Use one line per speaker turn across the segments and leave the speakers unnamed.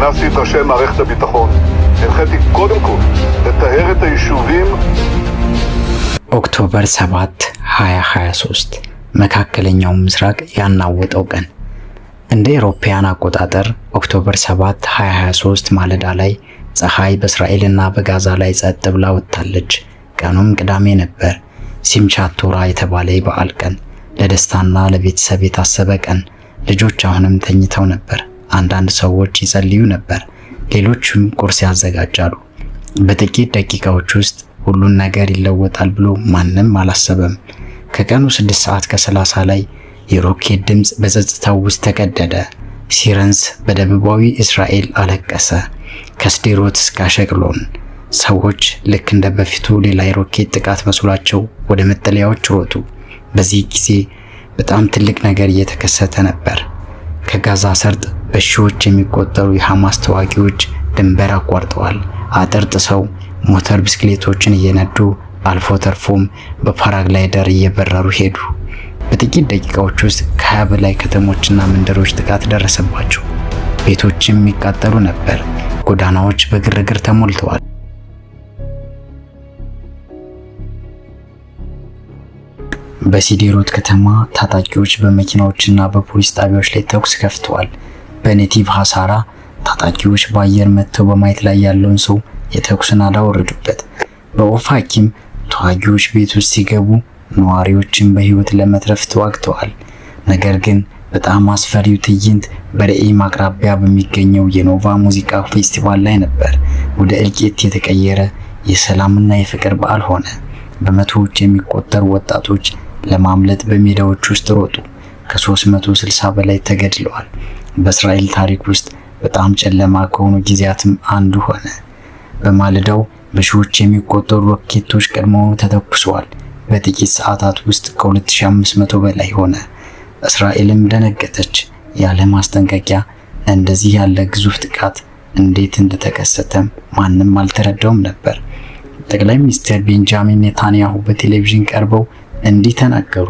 כינסתי את ראשי מערכת הביטחון. הנחיתי קודם כל לטהר את היישובים.
ኦክቶበር 7 2023 መካከለኛው ምስራቅ ያናወጠው ቀን እንደ ኤሮፓያን አቆጣጠር ኦክቶበር 7 2023 ማለዳ ላይ ፀሐይ በእስራኤልና በጋዛ ላይ ጸጥ ብላ ወጥታለች። ቀኑም ቅዳሜ ነበር። ሲምቻት ቶራ የተባለ የበዓል ቀን፣ ለደስታና ለቤተሰብ የታሰበ ቀን። ልጆች አሁንም ተኝተው ነበር። አንዳንድ ሰዎች ይጸልዩ ነበር፣ ሌሎችም ቁርስ ያዘጋጃሉ። በጥቂት ደቂቃዎች ውስጥ ሁሉን ነገር ይለወጣል ብሎ ማንም አላሰበም። ከቀኑ 6 ሰዓት ከሰላሳ ላይ የሮኬት ድምፅ በጸጥታው ውስጥ ተቀደደ። ሲረንስ በደቡባዊ እስራኤል አለቀሰ፣ ከስዴሮት እስከ አሸቅሎን። ሰዎች ልክ እንደ በፊቱ ሌላ የሮኬት ጥቃት መስሏቸው ወደ መጠለያዎች ሮጡ። በዚህ ጊዜ በጣም ትልቅ ነገር እየተከሰተ ነበር። ከጋዛ ሰርጥ በሺዎች የሚቆጠሩ የሐማስ ተዋጊዎች ድንበር አቋርጠዋል። አጥር ጥሰው ሞተር ብስክሌቶችን እየነዱ አልፎ ተርፎም በፓራግላይደር እየበረሩ ሄዱ። በጥቂት ደቂቃዎች ውስጥ ከሀያ በላይ ከተሞችና መንደሮች ጥቃት ደረሰባቸው። ቤቶችም የሚቃጠሉ ነበር። ጎዳናዎች በግርግር ተሞልተዋል። በሲዴሮት ከተማ ታጣቂዎች በመኪናዎችና በፖሊስ ጣቢያዎች ላይ ተኩስ ከፍተዋል። በኔቲቭ ሀሳራ ታጣቂዎች በአየር መጥተው በማየት ላይ ያለውን ሰው የተኩስ ናዳ በወፍ በኦፋኪም ተዋጊዎች ቤት ውስጥ ሲገቡ ነዋሪዎችን በህይወት ለመትረፍ ተዋግተዋል። ነገር ግን በጣም አስፈሪው ትዕይንት በርኤም አቅራቢያ በሚገኘው የኖቫ ሙዚቃ ፌስቲቫል ላይ ነበር። ወደ እልቂት የተቀየረ የሰላምና የፍቅር በዓል ሆነ። በመቶዎች የሚቆጠሩ ወጣቶች ለማምለጥ በሜዳዎች ውስጥ ሮጡ። ከ360 በላይ ተገድለዋል። በእስራኤል ታሪክ ውስጥ በጣም ጨለማ ከሆኑ ጊዜያትም አንዱ ሆነ። በማለዳው በሺዎች የሚቆጠሩ ሮኬቶች ቀድሞውኑ ተተኩሰዋል። በጥቂት ሰዓታት ውስጥ ከ2500 በላይ ሆነ። እስራኤልም ደነገጠች። ያለ ማስጠንቀቂያ እንደዚህ ያለ ግዙፍ ጥቃት እንዴት እንደተከሰተም ማንም አልተረዳውም ነበር። ጠቅላይ ሚኒስትር ቤንጃሚን ኔታንያሁ በቴሌቪዥን ቀርበው እንዲህ ተናገሩ።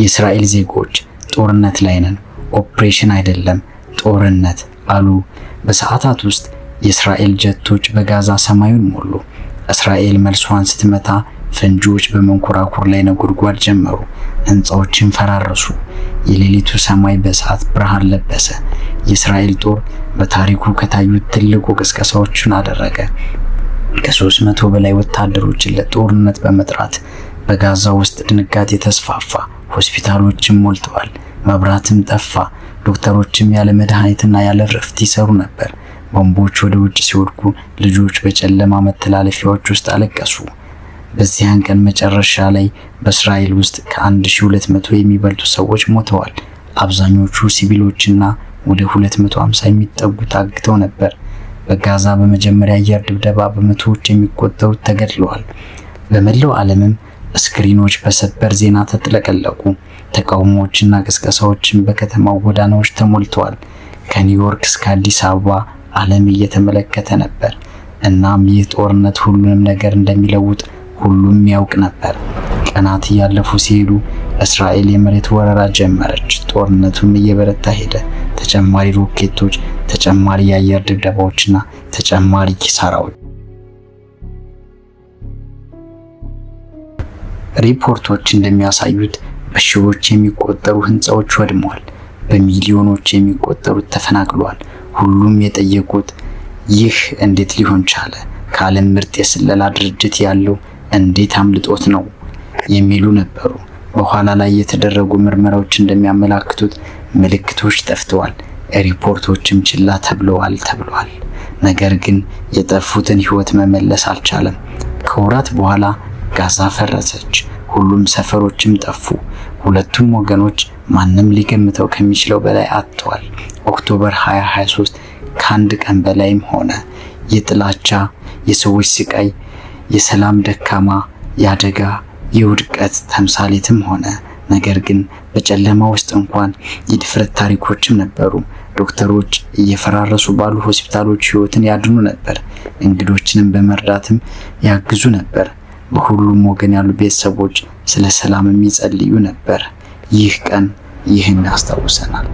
የእስራኤል ዜጎች ጦርነት ላይ ነን፣ ኦፕሬሽን አይደለም ጦርነት አሉ። በሰዓታት ውስጥ የእስራኤል ጀቶች በጋዛ ሰማዩን ሞሉ። እስራኤል መልሷን ስትመታ ፈንጂዎች በመንኮራኩር ላይ ነጎድጓድ ጀመሩ። ህንፃዎችን ፈራረሱ። የሌሊቱ ሰማይ በሰዓት ብርሃን ለበሰ። የእስራኤል ጦር በታሪኩ ከታዩት ትልቁ ቅስቀሳዎችን አደረገ። ከሶስት መቶ በላይ ወታደሮችን ለጦርነት በመጥራት በጋዛ ውስጥ ድንጋጤ ተስፋፋ። ሆስፒታሎችም ሞልተዋል። መብራትም ጠፋ። ዶክተሮችም ያለ መድኃኒትና ያለ ረፍት ይሰሩ ነበር። ቦምቦች ወደ ውጭ ሲወድቁ ልጆች በጨለማ መተላለፊያዎች ውስጥ አለቀሱ። በዚያን ቀን መጨረሻ ላይ በእስራኤል ውስጥ ከ1200 የሚበልጡ ሰዎች ሞተዋል። አብዛኞቹ ሲቪሎችና ወደ 250 የሚጠጉ ታግተው ነበር። በጋዛ በመጀመሪያ አየር ድብደባ በመቶዎች የሚቆጠሩት ተገድለዋል። በመላው ዓለምም ስክሪኖች በሰበር ዜና ተጥለቀለቁ። ተቃውሞዎችና ቅስቀሳዎችን በከተማው ጎዳናዎች ተሞልተዋል። ከኒውዮርክ እስከ አዲስ አበባ ዓለም እየተመለከተ ነበር። እናም ይህ ጦርነት ሁሉንም ነገር እንደሚለውጥ ሁሉም ያውቅ ነበር። ቀናት እያለፉ ሲሄዱ እስራኤል የመሬት ወረራ ጀመረች። ጦርነቱም እየበረታ ሄደ። ተጨማሪ ሮኬቶች፣ ተጨማሪ የአየር ድብደባዎችና ተጨማሪ ኪሳራዎች ሪፖርቶች እንደሚያሳዩት በሺዎች የሚቆጠሩ ህንፃዎች ወድመዋል፣ በሚሊዮኖች የሚቆጠሩት ተፈናቅለዋል። ሁሉም የጠየቁት ይህ እንዴት ሊሆን ቻለ? ከዓለም ምርጥ የስለላ ድርጅት ያለው እንዴት አምልጦት ነው? የሚሉ ነበሩ። በኋላ ላይ የተደረጉ ምርመራዎች እንደሚያመላክቱት ምልክቶች ጠፍተዋል፣ ሪፖርቶችም ችላ ተብለዋል ተብሏል። ነገር ግን የጠፉትን ህይወት መመለስ አልቻለም። ከወራት በኋላ ጋዛ ፈረሰች፣ ሁሉም ሰፈሮችም ጠፉ። ሁለቱም ወገኖች ማንም ሊገምተው ከሚችለው በላይ አጥተዋል። ኦክቶበር 2023 ከአንድ ቀን በላይም ሆነ። የጥላቻ የሰዎች ስቃይ፣ የሰላም ደካማ፣ የአደጋ የውድቀት ተምሳሌትም ሆነ። ነገር ግን በጨለማ ውስጥ እንኳን የድፍረት ታሪኮችም ነበሩ። ዶክተሮች እየፈራረሱ ባሉ ሆስፒታሎች ህይወትን ያድኑ ነበር፣ እንግዶችንም በመርዳትም ያግዙ ነበር። በሁሉም ወገን ያሉ ቤተሰቦች ስለ ሰላም የሚጸልዩ ነበር። ይህ ቀን ይህን ያስታውሰናል።